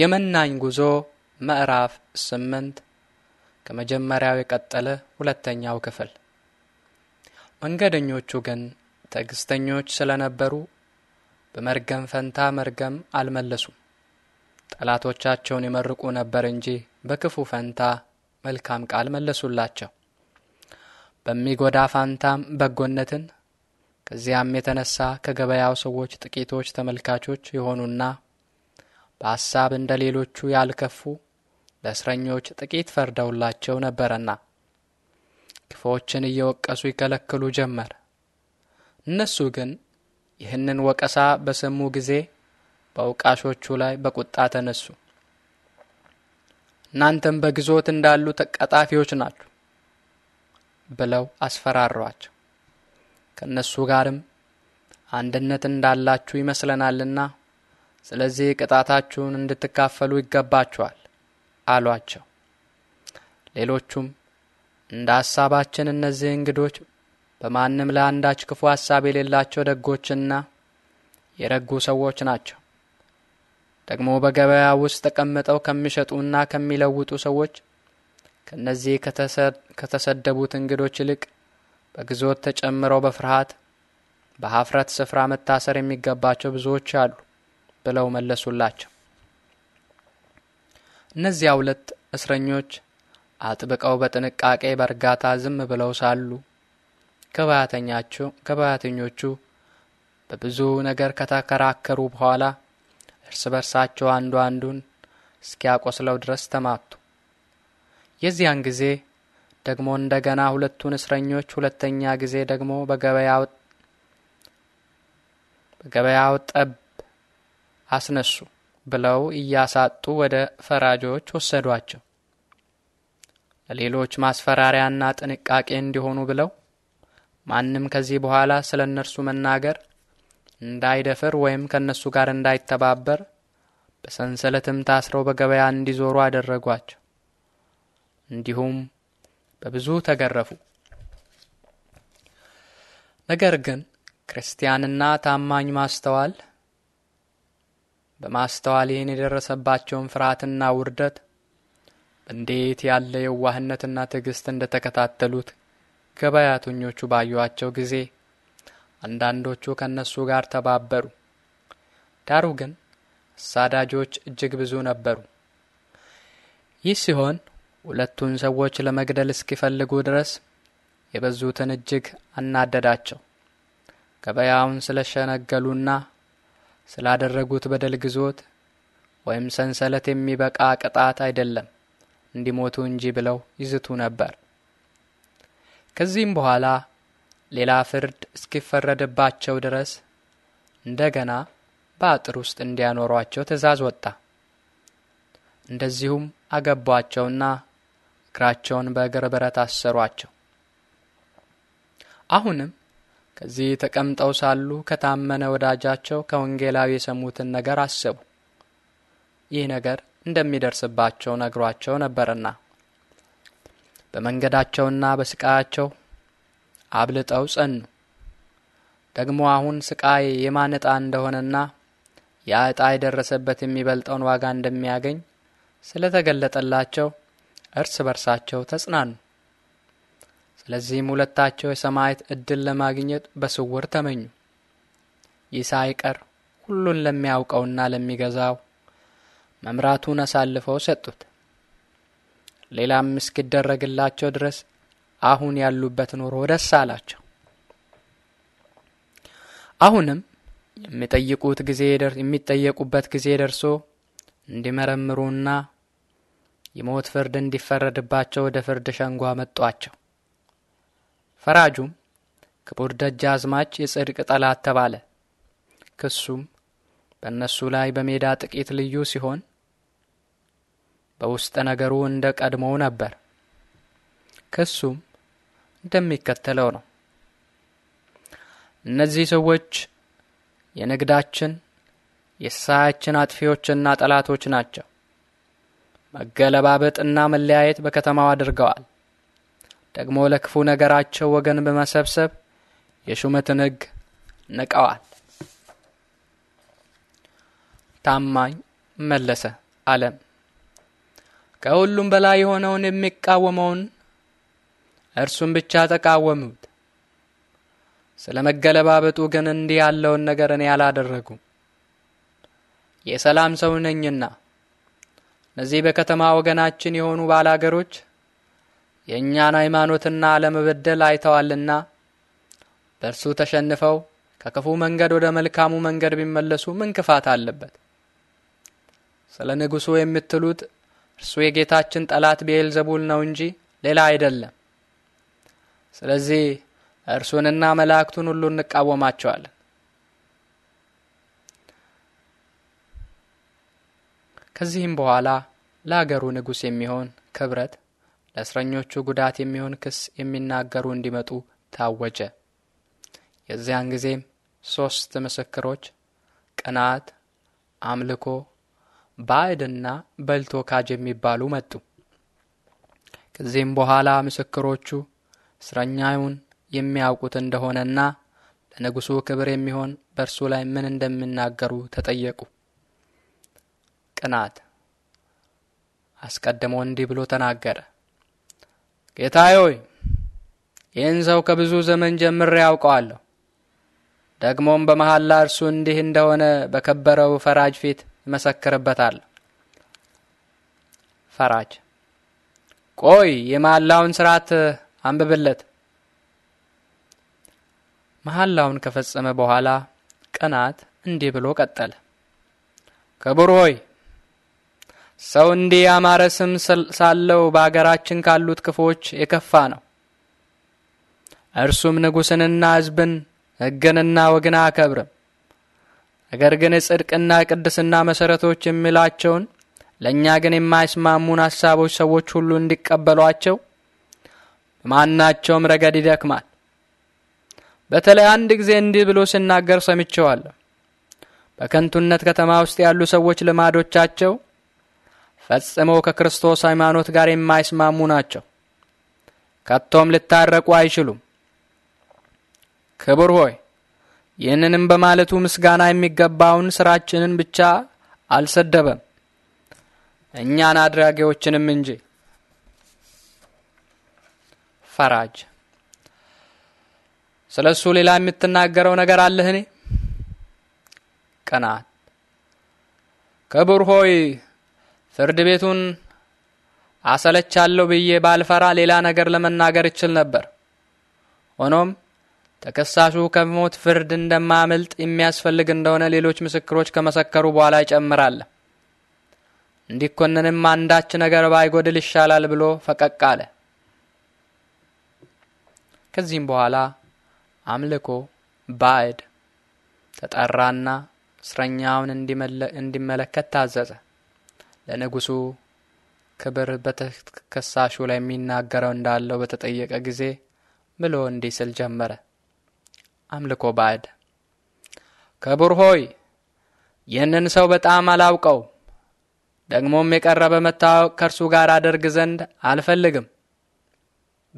የመናኝ ጉዞ ምዕራፍ ስምንት ከመጀመሪያው የቀጠለ ሁለተኛው ክፍል። መንገደኞቹ ግን ትዕግስተኞች ስለነበሩ በመርገም ፈንታ መርገም አልመለሱም። ጠላቶቻቸውን ይመርቁ ነበር እንጂ በክፉ ፈንታ መልካም ቃል መለሱላቸው። በሚጎዳ ፋንታም በጎነትን ከዚያም የተነሳ ከገበያው ሰዎች ጥቂቶች ተመልካቾች የሆኑና በሐሳብ እንደ ሌሎቹ ያልከፉ ለእስረኞች ጥቂት ፈርደውላቸው ነበረና ክፎችን እየወቀሱ ይከለክሉ ጀመር። እነሱ ግን ይህንን ወቀሳ በሰሙ ጊዜ በውቃሾቹ ላይ በቁጣ ተነሱ። እናንተም በግዞት እንዳሉ ተቀጣፊዎች ናችሁ ብለው አስፈራሯቸው። ከእነሱ ጋርም አንድነት እንዳላችሁ ይመስለናልና ስለዚህ ቅጣታችሁን እንድትካፈሉ ይገባችኋል አሏቸው። ሌሎቹም እንደ ሐሳባችን እነዚህ እንግዶች በማንም ለአንዳች ክፉ ሐሳብ የሌላቸው ደጎችና የረጉ ሰዎች ናቸው። ደግሞ በገበያ ውስጥ ተቀምጠው ከሚሸጡና ከሚለውጡ ሰዎች ከእነዚህ ከተሰደቡት እንግዶች ይልቅ በግዞት ተጨምረው በፍርሃት በሀፍረት ስፍራ መታሰር የሚገባቸው ብዙዎች አሉ። ብለው መለሱላቸው። እነዚያ ሁለት እስረኞች አጥብቀው በጥንቃቄ በእርጋታ ዝም ብለው ሳሉ ከባያተኞቹ በብዙ ነገር ከተከራከሩ በኋላ እርስ በርሳቸው አንዱ አንዱን እስኪያቆስለው ድረስ ተማቱ። የዚያን ጊዜ ደግሞ እንደገና ሁለቱን እስረኞች ሁለተኛ ጊዜ ደግሞ በገበያው ጠብ አስነሱ ብለው እያሳጡ ወደ ፈራጆች ወሰዷቸው። ለሌሎች ማስፈራሪያና ጥንቃቄ እንዲሆኑ ብለው ማንም ከዚህ በኋላ ስለ እነርሱ መናገር እንዳይደፍር ወይም ከእነሱ ጋር እንዳይተባበር በሰንሰለትም ታስረው በገበያ እንዲዞሩ አደረጓቸው። እንዲሁም በብዙ ተገረፉ። ነገር ግን ክርስቲያንና ታማኝ ማስተዋል በማስተዋል ይህን የደረሰባቸውን ፍርሃትና ውርደት እንዴት ያለ የዋህነትና ትዕግስት እንደ ተከታተሉት ገበያተኞቹ ባዩዋቸው ጊዜ አንዳንዶቹ ከእነሱ ጋር ተባበሩ። ዳሩ ግን አሳዳጆች እጅግ ብዙ ነበሩ። ይህ ሲሆን ሁለቱን ሰዎች ለመግደል እስኪፈልጉ ድረስ የበዙትን እጅግ አናደዳቸው። ገበያውን ስለሸነገሉና ስላደረጉት በደል ግዞት ወይም ሰንሰለት የሚበቃ ቅጣት አይደለም እንዲሞቱ እንጂ ብለው ይዝቱ ነበር። ከዚህም በኋላ ሌላ ፍርድ እስኪፈረድባቸው ድረስ እንደገና በአጥር ውስጥ እንዲያኖሯቸው ትእዛዝ ወጣ። እንደዚሁም አገቧቸውና እግራቸውን በእግር ብረት አሰሯቸው። አሁንም ከዚህ ተቀምጠው ሳሉ ከታመነ ወዳጃቸው ከወንጌላዊ የሰሙትን ነገር አሰቡ። ይህ ነገር እንደሚደርስባቸው ነግሯቸው ነበርና በመንገዳቸውና በስቃያቸው አብልጠው ጸኑ። ደግሞ አሁን ስቃይ የማንጣ እንደሆነና ያ የደረሰበት የሚበልጠውን ዋጋ እንደሚያገኝ ስለተገለጠላቸው እርስ በርሳቸው ተጽናኑ። ስለዚህም ሁለታቸው የሰማያት እድል ለማግኘት በስውር ተመኙ። ይህ ሳይቀር ሁሉን ለሚያውቀውና ለሚገዛው መምራቱን አሳልፈው ሰጡት። ሌላም እስኪደረግላቸው ድረስ አሁን ያሉበት ኑሮ ደስ አላቸው። አሁንም የሚጠይቁት ጊዜ የሚጠየቁበት ጊዜ ደርሶ እንዲመረምሩና የሞት ፍርድ እንዲፈረድባቸው ወደ ፍርድ ሸንጓ መጧቸው። ፈራጁም ክቡር ደጃዝማች የጽድቅ ጠላት ተባለ። ክሱም በእነሱ ላይ በሜዳ ጥቂት ልዩ ሲሆን በውስጥ ነገሩ እንደ ቀድሞው ነበር። ክሱም እንደሚከተለው ነው። እነዚህ ሰዎች የንግዳችን የሳያችን አጥፊዎችና ጠላቶች ናቸው። መገለባበጥና መለያየት በከተማው አድርገዋል። ደግሞ ለክፉ ነገራቸው ወገን በመሰብሰብ የሹመትን ሕግ ንቀዋል። ታማኝ መለሰ አለም ከሁሉም በላይ የሆነውን የሚቃወመውን እርሱን ብቻ ተቃወሙት። ስለ መገለባበጡ ግን እንዲህ ያለውን ነገር እኔ አላደረጉም። የሰላም ሰው ነኝና እነዚህ በከተማ ወገናችን የሆኑ ባላገሮች የእኛን ሃይማኖትና አለመበደል አይተዋልና በእርሱ ተሸንፈው ከክፉ መንገድ ወደ መልካሙ መንገድ ቢመለሱ ምን ክፋት አለበት? ስለ ንጉሡ የምትሉት እርሱ የጌታችን ጠላት ብኤልዘቡል ነው እንጂ ሌላ አይደለም። ስለዚህ እርሱንና መላእክቱን ሁሉ እንቃወማቸዋለን። ከዚህም በኋላ ለአገሩ ንጉሥ የሚሆን ክብረት ለእስረኞቹ ጉዳት የሚሆን ክስ የሚናገሩ እንዲመጡ ታወጀ። የዚያን ጊዜም ሦስት ምስክሮች ቅናት፣ አምልኮ፣ ባዕድና በልቶ ካጅ የሚባሉ መጡ። ከዚህም በኋላ ምስክሮቹ እስረኛውን የሚያውቁት እንደሆነና ለንጉሡ ክብር የሚሆን በእርሱ ላይ ምን እንደሚናገሩ ተጠየቁ። ቅናት አስቀድሞ እንዲህ ብሎ ተናገረ። ጌታዬ ሆይ ይህን ሰው ከብዙ ዘመን ጀምሬ ያውቀዋለሁ። ደግሞም በመሐላ እርሱ እንዲህ እንደሆነ በከበረው ፈራጅ ፊት ይመሰክርበታል። ፈራጅ ቆይ የመሐላውን ስርዓት አንብብለት። መሐላውን ከፈጸመ በኋላ ቀናት እንዲህ ብሎ ቀጠለ። ክቡር ሆይ ሰው እንዲህ ያማረ ስም ሳለው በአገራችን ካሉት ክፎች የከፋ ነው። እርሱም ንጉሥንና ሕዝብን ሕግንና ወግን አያከብርም። ነገር ግን የጽድቅና የቅድስና መሠረቶች የሚላቸውን ለእኛ ግን የማይስማሙን ሐሳቦች ሰዎች ሁሉ እንዲቀበሏቸው በማናቸውም ረገድ ይደክማል። በተለይ አንድ ጊዜ እንዲህ ብሎ ሲናገር ሰምቼዋለሁ። በከንቱነት ከተማ ውስጥ ያሉ ሰዎች ልማዶቻቸው ፈጽመው ከክርስቶስ ሃይማኖት ጋር የማይስማሙ ናቸው። ከቶም ልታረቁ አይችሉም። ክቡር ሆይ ይህንንም በማለቱ ምስጋና የሚገባውን ስራችንን ብቻ አልሰደበም፣ እኛን አድራጊዎችንም እንጂ። ፈራጅ ስለ እሱ ሌላ የምትናገረው ነገር አለህ? እኔ ቅናት ክቡር ሆይ ፍርድ ቤቱን አሰለቻለሁ ብዬ ባልፈራ ሌላ ነገር ለመናገር ይችል ነበር። ሆኖም ተከሳሹ ከሞት ፍርድ እንደማያመልጥ የሚያስፈልግ እንደሆነ ሌሎች ምስክሮች ከመሰከሩ በኋላ ይጨምራል። እንዲኮንንም አንዳች ነገር ባይጎድል ይሻላል ብሎ ፈቀቅ አለ። ከዚህም በኋላ አምልኮ ባዕድ ተጠራና እስረኛውን እንዲመለከት ታዘዘ። ለንጉሱ ክብር በተከሳሹ ላይ የሚናገረው እንዳለው በተጠየቀ ጊዜ ምሎ እንዲህ ስል ጀመረ። አምልኮ ባዕድ ክቡር ሆይ ይህንን ሰው በጣም አላውቀው፣ ደግሞም የቀረበ መታወቅ ከእርሱ ጋር አደርግ ዘንድ አልፈልግም።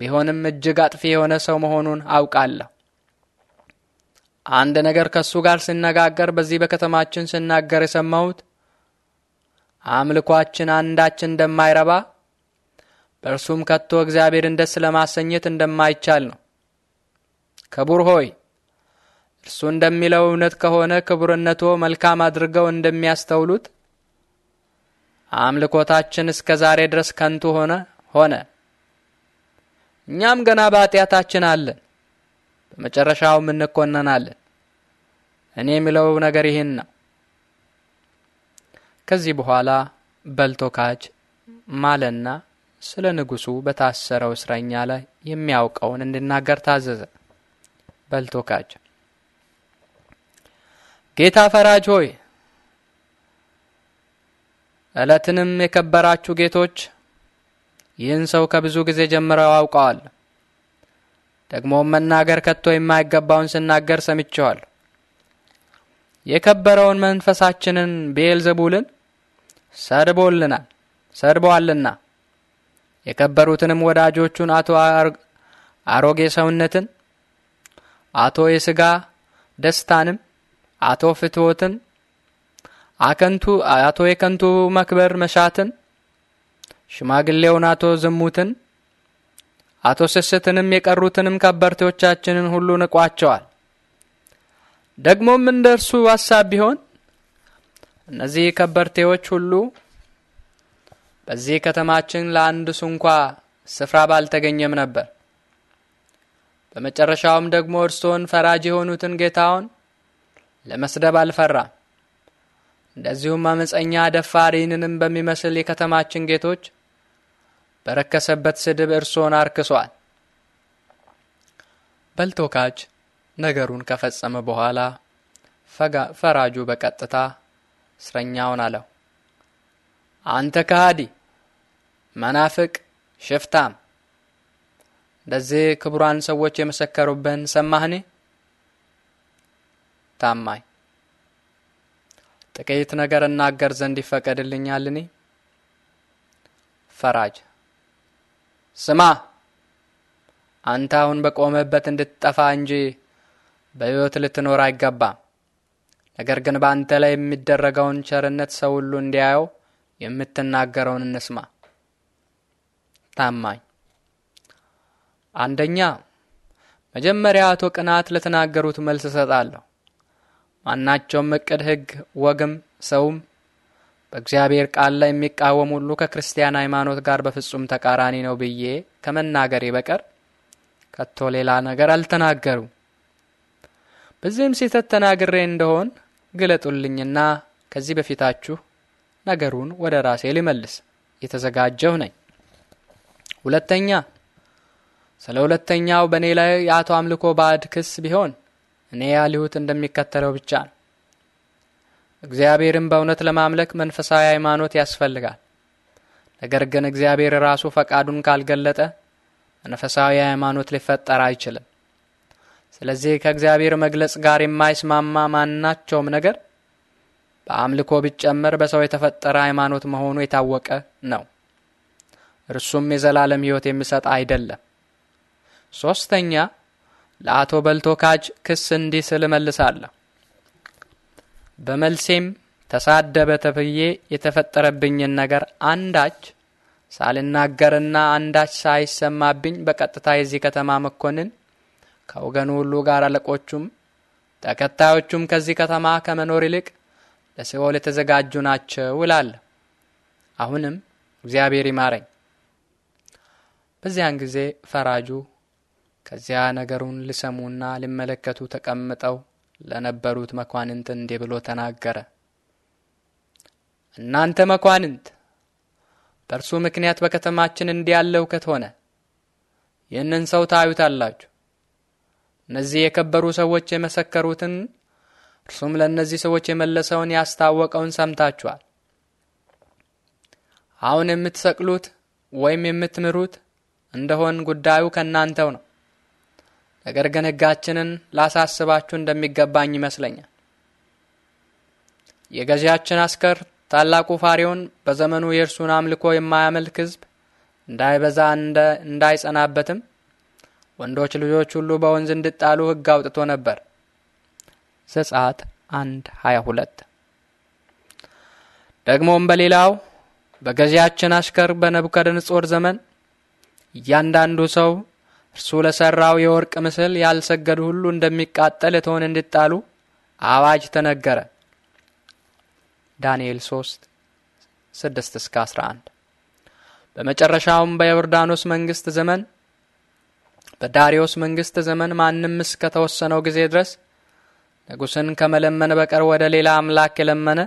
ቢሆንም እጅግ አጥፊ የሆነ ሰው መሆኑን አውቃለሁ። አንድ ነገር ከእሱ ጋር ስነጋገር በዚህ በከተማችን ስናገር የሰማሁት አምልኳችን አንዳች እንደማይረባ በእርሱም ከቶ እግዚአብሔርን ደስ ለማሰኘት እንደማይቻል ነው። ክቡር ሆይ እርሱ እንደሚለው እውነት ከሆነ ክቡርነቶ መልካም አድርገው እንደሚያስተውሉት አምልኮታችን እስከ ዛሬ ድረስ ከንቱ ሆነ ሆነ። እኛም ገና በኃጢአታችን አለን፣ በመጨረሻውም እንኮነናለን። እኔ የሚለው ነገር ይህን ነው። ከዚህ በኋላ በልቶ ማለና ስለ ንጉሱ በታሰረው እስረኛ ላይ የሚያውቀውን እንዲናገር ታዘዘ። በልቶ ጌታ ፈራጅ ሆይ እለትንም የከበራችሁ ጌቶች ይህን ሰው ከብዙ ጊዜ ጀምረው አውቀዋል። ደግሞም መናገር ከቶ የማይገባውን ስናገር ሰምቼዋል። የከበረውን መንፈሳችንን ብኤልዘቡልን ሰድቦልናል ሰድበዋልና የከበሩትንም ወዳጆቹን አቶ አሮጌ ሰውነትን፣ አቶ የስጋ ደስታንም፣ አቶ ፍትወትን፣ አከንቱ አቶ የከንቱ መክበር መሻትን፣ ሽማግሌውን አቶ ዝሙትን፣ አቶ ስስትንም የቀሩትንም ከበርቴዎቻችንን ሁሉ ንቋቸዋል። ደግሞም እንደ እርሱ ሀሳብ ቢሆን እነዚህ ከበርቴዎች ሁሉ በዚህ ከተማችን ለአንድ ስንኳ ስፍራ ባልተገኘም ነበር። በመጨረሻውም ደግሞ እርስዎን ፈራጅ የሆኑትን ጌታውን ለመስደብ አልፈራም። እንደዚሁም አመፀኛ ደፋር በሚመስል የከተማችን ጌቶች በረከሰበት ስድብ እርስዎን አርክሷል። በልቶካች ነገሩን ከፈጸመ በኋላ ፈራጁ በቀጥታ እስረኛውን አለው፣ አንተ ከሃዲ መናፍቅ፣ ሽፍታም እንደዚህ ክቡራን ሰዎች የመሰከሩብህን ሰማህኔ? ታማኝ ጥቂት ነገር እናገር ዘንድ ይፈቀድልኛልኔ? ፈራጅ ስማ፣ አንተ አሁን በቆመበት እንድትጠፋ እንጂ በሕይወት ልትኖር አይገባም። ነገር ግን በአንተ ላይ የሚደረገውን ቸርነት ሰው ሁሉ እንዲያየው የምትናገረውን እንስማ። ታማኝ አንደኛ መጀመሪያ አቶ ቅናት ለተናገሩት መልስ እሰጣለሁ። ማናቸውም እቅድ፣ ህግ ወግም ሰውም በእግዚአብሔር ቃል ላይ የሚቃወም ሁሉ ከክርስቲያን ሃይማኖት ጋር በፍጹም ተቃራኒ ነው ብዬ ከመናገሬ በቀር ከቶ ሌላ ነገር አልተናገሩም። በዚህም ስህተት ተናግሬ እንደሆን ግለጡልኝና ከዚህ በፊታችሁ ነገሩን ወደ ራሴ ልመልስ የተዘጋጀሁ ነኝ። ሁለተኛ ስለ ሁለተኛው በእኔ ላይ የአቶ አምልኮ ባዕድ ክስ ቢሆን እኔ ያልሁት እንደሚከተለው ብቻ ነው። እግዚአብሔርን በእውነት ለማምለክ መንፈሳዊ ሃይማኖት ያስፈልጋል። ነገር ግን እግዚአብሔር ራሱ ፈቃዱን ካልገለጠ መንፈሳዊ ሃይማኖት ሊፈጠር አይችልም። ስለዚህ ከእግዚአብሔር መግለጽ ጋር የማይስማማ ማናቸውም ነገር በአምልኮ ቢጨመር በሰው የተፈጠረ ሃይማኖት መሆኑ የታወቀ ነው። እርሱም የዘላለም ሕይወት የሚሰጥ አይደለም። ሶስተኛ ለአቶ በልቶ ካጅ ክስ እንዲህ ስል እመልሳለሁ። በመልሴም ተሳደበ ተብዬ የተፈጠረብኝን ነገር አንዳች ሳልናገርና አንዳች ሳይሰማብኝ በቀጥታ የዚህ ከተማ መኮንን ከወገኑ ሁሉ ጋር አለቆቹም ተከታዮቹም ከዚህ ከተማ ከመኖር ይልቅ ለሲኦል የተዘጋጁ ናቸው ይላል። አሁንም እግዚአብሔር ይማረኝ። በዚያን ጊዜ ፈራጁ ከዚያ ነገሩን ሊሰሙና ሊመለከቱ ተቀምጠው ለነበሩት መኳንንት እንዲህ ብሎ ተናገረ። እናንተ መኳንንት በእርሱ ምክንያት በከተማችን እንዲህ ያለ ሁከት ሆነ። ይህንን ሰው ታዩታላችሁ። እነዚህ የከበሩ ሰዎች የመሰከሩትን እርሱም ለእነዚህ ሰዎች የመለሰውን ያስታወቀውን ሰምታችኋል። አሁን የምትሰቅሉት ወይም የምትምሩት እንደሆን ጉዳዩ ከእናንተው ነው። ነገር ግን ሕጋችንን ላሳስባችሁ እንደሚገባኝ ይመስለኛል። የገዢያችን አስከር ታላቁ ፋሬውን በዘመኑ የእርሱን አምልኮ የማያመልክ ሕዝብ እንዳይበዛ እንዳይጸናበትም ወንዶች ልጆች ሁሉ በወንዝ እንዲጣሉ ሕግ አውጥቶ ነበር። ዘጸአት አንድ ሀያ ደግሞም በሌላው በገዢያችን አሽከር በነቡከደነጾር ዘመን እያንዳንዱ ሰው እርሱ ለሠራው የወርቅ ምስል ያልሰገዱ ሁሉ እንደሚቃጠል እቶን እንዲጣሉ አዋጅ ተነገረ። ዳንኤል 3 6 እስከ 11 በመጨረሻውም በዮርዳኖስ መንግሥት ዘመን በዳሪዮስ መንግስት ዘመን ማንም ተወሰነው ጊዜ ድረስ ንጉሥን ከመለመን በቀር ወደ ሌላ አምላክ የለመነ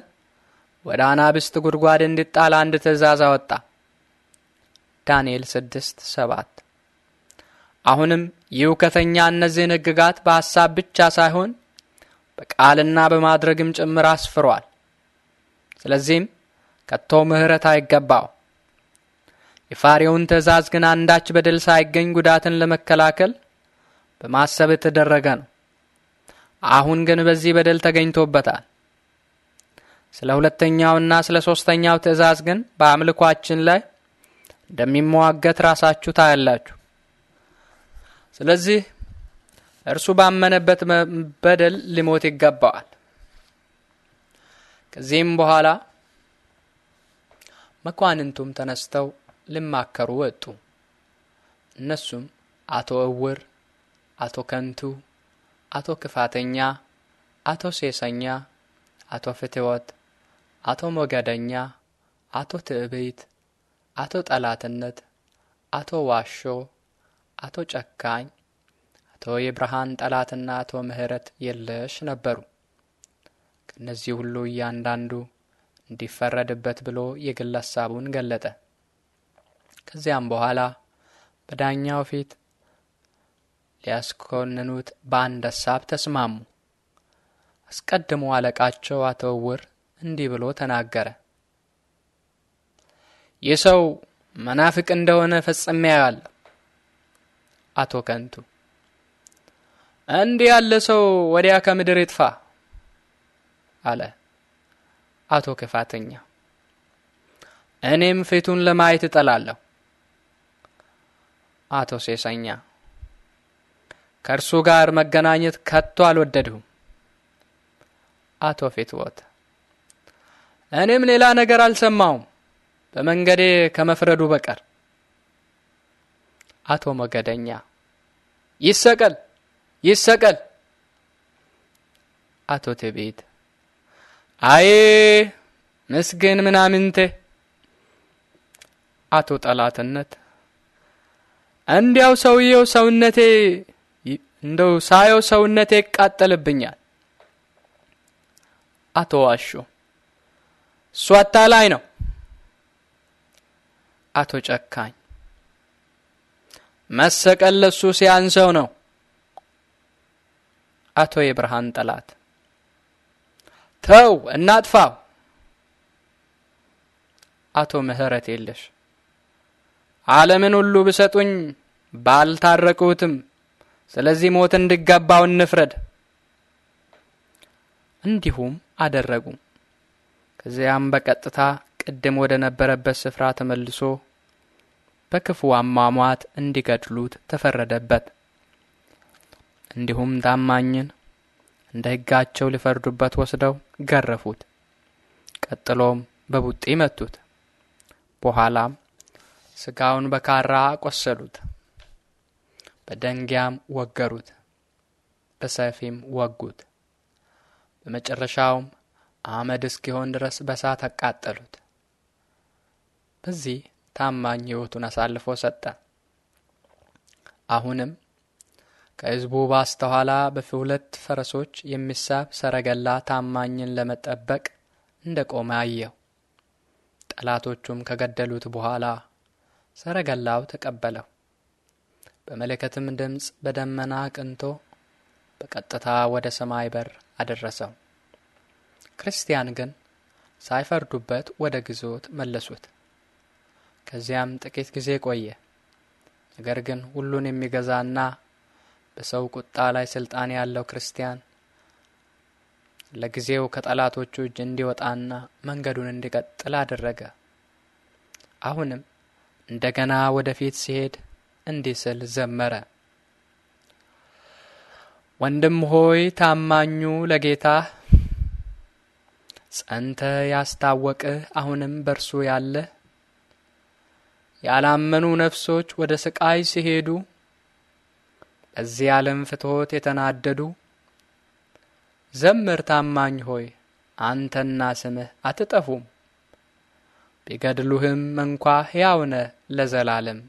ወደ አናብስት ጉድጓድ እንዲጣል አንድ ትእዛዝ አወጣ። ዳንኤል 6 7 አሁንም ይህ ውከተኛ እነዚህን ሕግጋት በሐሳብ ብቻ ሳይሆን በቃልና በማድረግም ጭምር አስፍሯል። ስለዚህም ከቶ ምህረት አይገባው። የፋሬውን ትእዛዝ ግን አንዳች በደል ሳይገኝ ጉዳትን ለመከላከል በማሰብ የተደረገ ነው። አሁን ግን በዚህ በደል ተገኝቶበታል። ስለ ሁለተኛውና ስለ ሶስተኛው ትእዛዝ ግን በአምልኳችን ላይ እንደሚሟገት ራሳችሁ ታያላችሁ። ስለዚህ እርሱ ባመነበት በደል ሊሞት ይገባዋል። ከዚህም በኋላ መኳንንቱም ተነስተው ሊማከሩ ወጡ። እነሱም አቶ እውር፣ አቶ ከንቱ፣ አቶ ክፋተኛ፣ አቶ ሴሰኛ፣ አቶ ፍትወት፣ አቶ ሞገደኛ፣ አቶ ትዕቢት፣ አቶ ጠላትነት፣ አቶ ዋሾ፣ አቶ ጨካኝ፣ አቶ የብርሃን ጠላትና አቶ ምህረት የለሽ ነበሩ። ከእነዚህ ሁሉ እያንዳንዱ እንዲፈረድበት ብሎ የግል ሀሳቡን ገለጠ። ከዚያም በኋላ በዳኛው ፊት ሊያስኮንኑት በአንድ ሀሳብ ተስማሙ። አስቀድሞ አለቃቸው አቶ ዕውር እንዲህ ብሎ ተናገረ። ይህ ሰው መናፍቅ እንደሆነ ፈጽሜ ያለሁ። አቶ ከንቱ እንዲህ ያለ ሰው ወዲያ ከምድር ይጥፋ አለ። አቶ ክፋተኛ እኔም ፊቱን ለማየት እጠላለሁ አቶ ሴሰኛ ከእርሱ ጋር መገናኘት ከቶ አልወደድሁም። አቶ ፊትወት እኔም ሌላ ነገር አልሰማውም በመንገዴ ከመፍረዱ በቀር። አቶ መገደኛ ይሰቀል ይሰቀል። አቶ ትዕቢት አይ ምስግን ምናምንቴ። አቶ ጠላትነት እንዲያው ሰውየው ሰውነቴ እንደው ሳየው ሰውነቴ ይቃጠልብኛል። አቶ ዋሹ እሱ አታላይ ነው። አቶ ጨካኝ መሰቀል ለሱ ሲያንሰው ነው። አቶ የብርሃን ጠላት ተው እናጥፋው። አቶ ምህረት የለሽ ዓለምን ሁሉ ብሰጡኝ ባልታረቁትም፣ ስለዚህ ሞት እንዲገባው እንፍረድ። እንዲሁም አደረጉ። ከዚያም በቀጥታ ቅድም ወደ ነበረበት ስፍራ ተመልሶ በክፉ አሟሟት እንዲገድሉት ተፈረደበት። እንዲሁም ታማኝን እንደ ሕጋቸው ሊፈርዱበት ወስደው ገረፉት። ቀጥሎም በቡጢ መቱት። በኋላም ስጋውን በካራ ቆሰሉት፣ በደንጊያም ወገሩት፣ በሰፊም ወጉት። በመጨረሻውም አመድ እስኪሆን ድረስ በሳት አቃጠሉት። በዚህ ታማኝ ሕይወቱን አሳልፎ ሰጠ። አሁንም ከሕዝቡ ባስተኋላ በሁለት ፈረሶች የሚሳብ ሰረገላ ታማኝን ለመጠበቅ እንደ ቆመ አየው። ጠላቶቹም ከገደሉት በኋላ ሰረገላው ተቀበለው። በመለከትም ድምፅ በደመና ቅንቶ በቀጥታ ወደ ሰማይ በር አደረሰው። ክርስቲያን ግን ሳይፈርዱበት ወደ ግዞት መለሱት። ከዚያም ጥቂት ጊዜ ቆየ። ነገር ግን ሁሉን የሚገዛና በሰው ቁጣ ላይ ስልጣን ያለው ክርስቲያን ለጊዜው ከጠላቶቹ እጅ እንዲወጣና መንገዱን እንዲቀጥል አደረገ። አሁንም እንደገና ወደፊት ሲሄድ እንዲህ ስል ዘመረ። ወንድም ሆይ ታማኙ ለጌታ ጸንተ ያስታወቅህ አሁንም በርሱ ያለ ያላመኑ ነፍሶች ወደ ስቃይ ሲሄዱ በዚህ ዓለም ፍትሆት የተናደዱ ዘምር ታማኝ ሆይ አንተና ስምህ አትጠፉም። ቢገድሉህም እንኳ ሕያው ነህ ለዘላለም